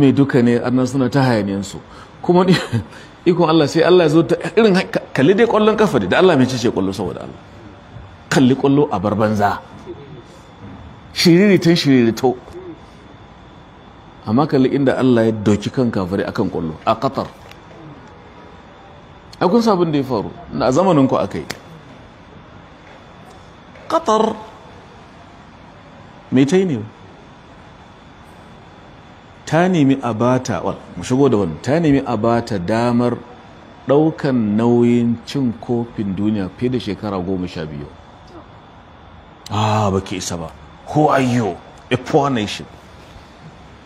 mai duka ne annan suna ta hayaniyarsu kuma ikon Allah sai Allah ya zo ta irin kalli dai kwallon kafa da Allah mai cece kwallo saboda Allah kalli kwallo a barbanza shiriri to amma kalli inda Allah ya doki kan kafare akan kwallo a Qatar a kun sabon da ya faru na zamanin ku akai Qatar mai tai ne ta nemi a bata da wani ta nemi a damar daukan nauyin cin kofin duniya fiye da shekara goma sha biyu a ba ke isa ba who are you a poor nation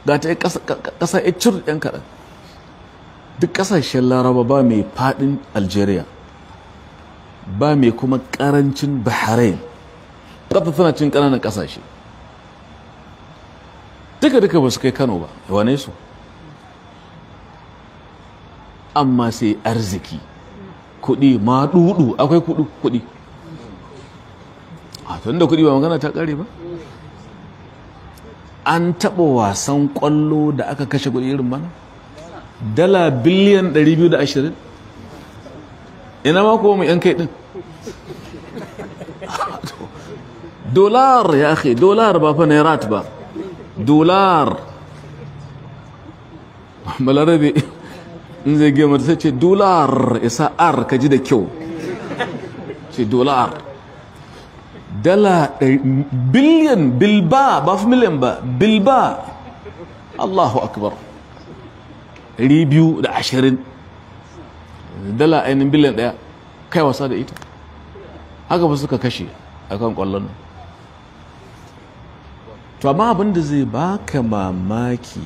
ga ta yi kasa ya cir yan kaɗan duk ƙasashen laraba ba mai faɗin algeria ba mai kuma ƙarancin bahrain ƙasa cin ƙananan ƙasashe duka duka ba su kai kano ba wane su amma sai arziki kudi ma dudu akwai kudu kudi a tun da kudi ba magana ta kare ba an taba wasan kwallo da aka kashe kudi irin bana dala biliyan 220 ina ma kuma mai yan kai din dolar ya ake dolar ba fa nairat ba dolar balarabe in zai gema ta ce dolar isa ar ka ji da kyau ce dolar dala biliyan bilba ba fi miliyan ba bilba allahu akbar ribiu da ashirin dala ainihin biliyan daya kai wasa da ita haka ba suka kashe akan kwallon nan to amma abin da zai baka mamaki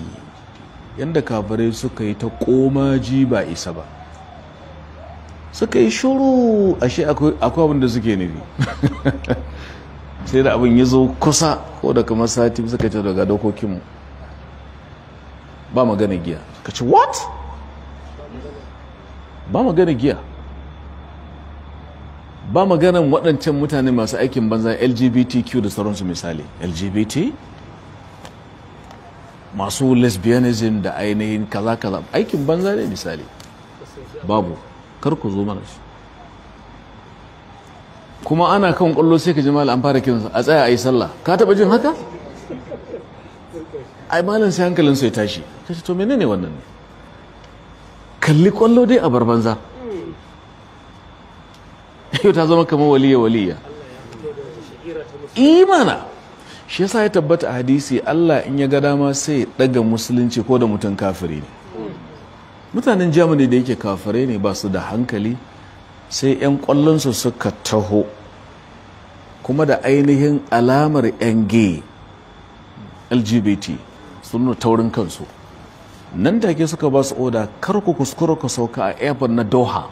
yadda kafirai suka yi ta komaji ba isa ba suka yi shuru ashe akwai abin da suke nufi sai da abin ya zo kusa ko da kamar sati suka ce daga dokokinmu ba magana giya suka ce what ba magana giya ba maganan waɗancan mutane masu aikin banza lgbtq da sauransu misali lgbt masu lesbianism da ainihin kaza-kaza aikin banza ne misali babu kar ku zo mana shi kuma ana kan kwallo sai ka ji malam an fara kinsa a tsaya a yi sallah ka taɓa jin haka ai malam sai hankalinsa ya tashi ta ce to menene wannan ne kalli kwallo dai a bar banza yau ta zama kamar waliya waliya imana eh shi yasa ya tabbata a hadisi Allah in ya ga dama sai ya daga musulunci ko da mutum kafiri ne mutanen germany da yake kafire ne ba su da hankali sai 'yan kwallonsu suka taho kuma da ainihin alamar 'yan gay lgbt sun nuna taurin kansu nan take suka ba su oda kar ku kuskura ka sauka a airport na doha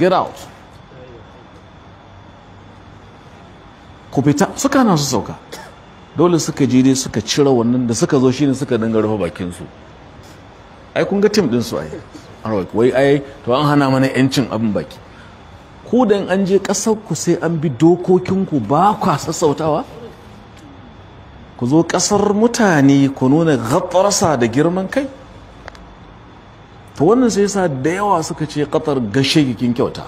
get out ku fita suka na su sauka dole suka je dai suka cire wannan da suka zo shine suka dinga rufe bakinsu ai kun ga tim din su ai wai ai to an hana mana yancin abin baki ku da an je ƙasar ku sai an bi dokokin ku ba kwa sassautawa ku zo ƙasar mutane ku nuna gatsarsa da girman kai to wannan sai yasa da yawa suka ce katar gashe gikin kyauta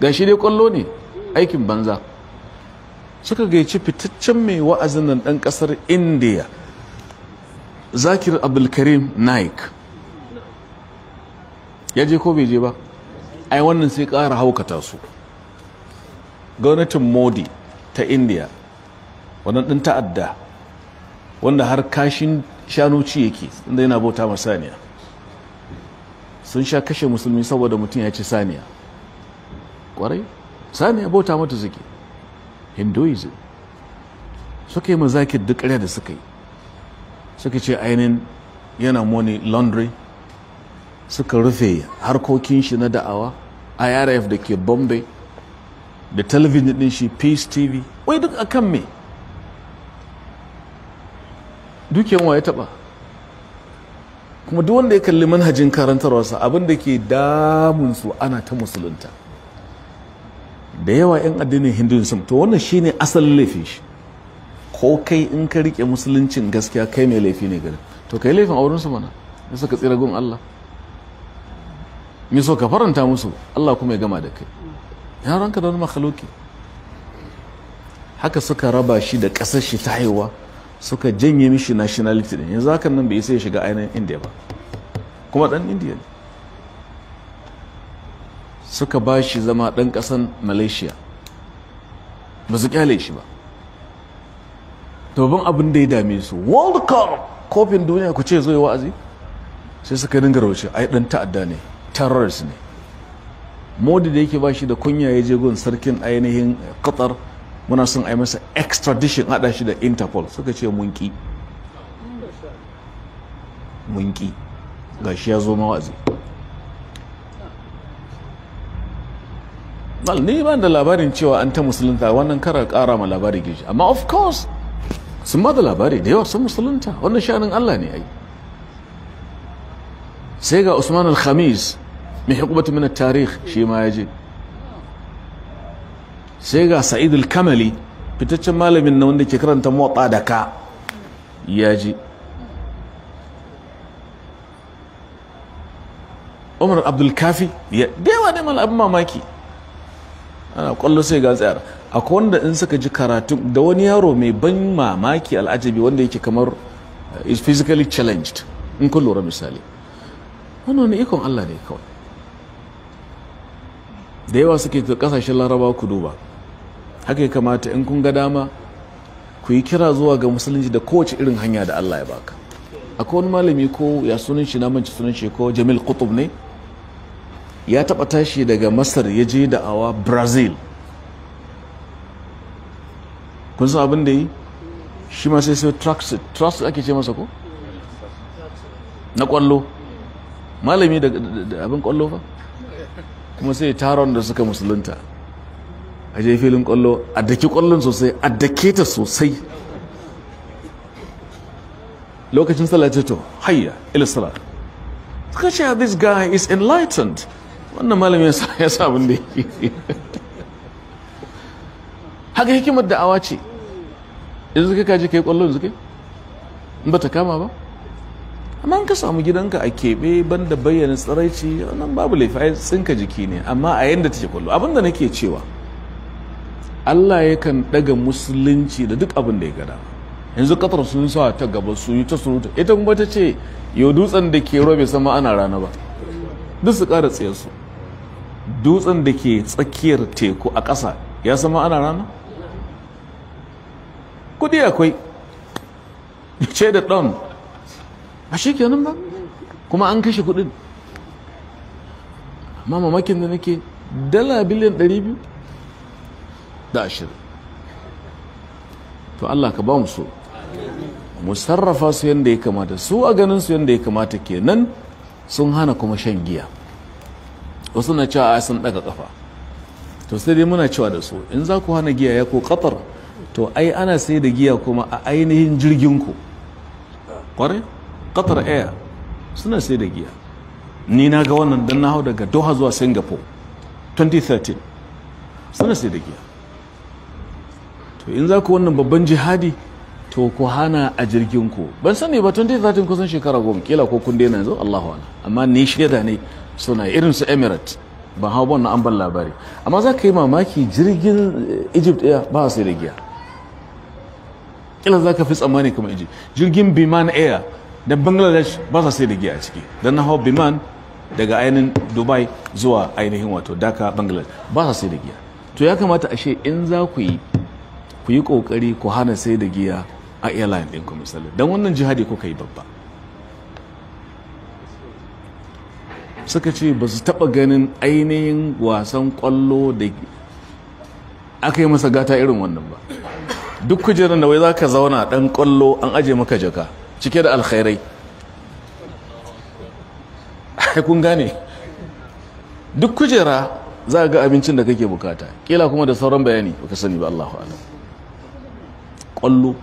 gashi dai kwallo ne aikin banza suka gaici fitaccen mai wa'azin nan dan kasar india zakir abdulkarim naik ya je ko bai je ba ai wannan sai ƙara haukata su gwamnatin modi ta indiya wannan ɗin ta'adda wanda har kashin shanuci ci yake inda yana bauta masaniya sun sha kashe musulmi saboda mutum ya ci saniya kwarai saniya bauta mata suke hinduism suka yi mazaki duk ƙarya da suka yi suka ce ainihin yana money laundry suka rufe harkokin shi na da'awa irf da ke bombay da talabijin din shi peace tv wai duk akan me duk ya taba kuma duk wanda ya kalli manhajin karantarwarsa abin da ke damunsu ana ta musulunta da yawa 'yan addinin hinduism to wannan shine asalin laifin shi ko kai in ka rike musuluncin gaskiya kai mai laifi ne gari to kai laifin auren su mana ya suka tsira gun Allah miso ka faranta musu Allah kuma ya gama da kai yaranka da wani makhluki haka suka raba shi da ƙasar shi ta haihuwa suka janye mishi nationality ne yanzu hakan nan bai sai shiga ainihin india ba kuma dan india ne suka ba shi zama dan kasan malaysia ba su kyale shi ba to abin da ya dame su world cup kofin duniya ku ce zai wa'azi sai suka dinga rauce ai dan ta'adda ne terrorist ne modi da yake ba shi da kunya ya je gun sarkin ainihin qatar muna son a yi masa extradition hada shi da interpol suka ce munki munki ga shi ya zo mawazi ni ban da labarin cewa an ta musulunta wannan kara kara ma labari gishi amma of course sun ba da labari da yawa sun musulunta wannan sha'anin allah ne ai sai ga usman al-khamis mai hukumatu mina tarih shi ma ya je sai ga sa'id al-kamali fitaccen malamin na wanda ke karanta motsa da ka ya ji umar kafi ya dewa ne abin mamaki ana kwallo sai ga tsayar akwai wanda in suka ji karatu da wani yaro mai ban mamaki al'ajabi wanda yake kamar eh, is physically challenged in kun lura misali wannan wani ikon allah ne kawai da yawa suke ta kasashen larabawa ku duba haka ya kamata in kun ga dama ku yi kira zuwa ga musulunci da kowace irin hanya da Allah ya baka akwai wani malami ko ya sunan shi na manci sunan shi ko Jamil kutub ne ya taba tashi daga Masar ya je da awa Brazil kun san abin da yi shi ma sai sai tracksuit ake ce masa ko na kwallo malami da abin kwallo fa kuma sai taron da suka musulunta a je filin kwallo a daki kwallon sosai a dake ta sosai lokacin salatato hayya ila sallah suka ce this guy is enlightened wannan malamin ya sa abin da yake haka hikimar da'awa ce yanzu suka kaji kai kwallon yanzu kai in ba ta kama ba amma ka samu gidanka a keɓe da bayyana tsiraici wannan babu laifi sun tsinka jiki ne amma a yanda take kwallo abinda nake cewa Allah yakan daga musulunci da duk abin da ya gada yanzu katar sun sa ta gaba sun yi ta surutu ita kuma ta ce yau dutsen da ke robe sama ana rana ba duk su kara tsaye su dutsen da ke tsakiyar teku a ƙasa ya sama ana rana kudi akwai ce da ɗan a shi kenan ba kuma an kashe kudin amma mamakin da nake dala biliyan 200 da ashirin to Allah ka ba mu so mu sarrafa su yadda ya kamata su a ganin su yadda ya kamata kenan sun hana kuma shan giya wasu na cewa sun daga kafa to sai dai muna cewa da su in za ku hana giya ya ko katar to ai ana sai da giya kuma a ainihin jirgin ku kwarai katar air suna sai da giya ni na ga wannan dan na hau daga doha zuwa singapore 2013 suna sai da giya to in za ku wannan babban jihadi to ku hana a jirgin ku ban sani ba 2013 kusan shekara goma kila ko kun daina yanzu Allahu ala amma ni da ne suna irin su Emirates ban hau wannan an ban labari amma za ka yi mamaki jirgin eh, Egypt Air ba su da giya kila za ka fi tsammani kamar Egypt jirgin Biman Air da Bangladesh ba sa sai da giya a ciki dan na hau Biman daga ainihin Dubai zuwa ainihin wato Dhaka Bangladesh ba sa sai da giya to ya kamata ashe in za ku yi ku yi kokari ku hana sai da giya a airline din ku misali don wannan jihadi kuka yi babba suka ce ba su taba ganin ainihin wasan kwallo da aka yi masa gata irin wannan ba duk kujerar da wai za ka zauna dan kwallo an aje maka jaka cike da alkhairai kun gane duk kujera za ga abincin da kake bukata kila kuma da sauran bayani ba ka sani ba Allahu a'lam ƙwallo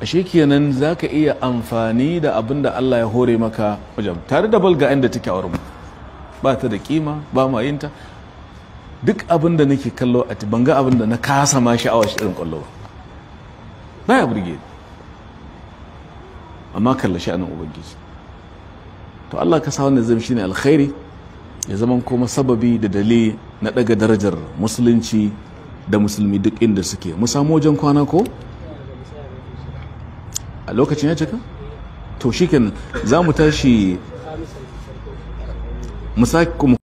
ashe kenan za ka iya amfani da abin da Allah ya hore maka wajen tare da balga inda take a wurin ba ta da kima ba ma yinta duk abin da nake kallo a ti banga abin da na kasa ma sha'awa shi irin kwallo ba ya burge amma kalla sha'anin ubangiji to Allah ka sa wannan zama shine alkhairi ya zama kuma sababi da dali na daga darajar musulunci da musulmi duk inda suke mu samu wajen kwana ko a lokacin ya cika to shi za mu tashi mu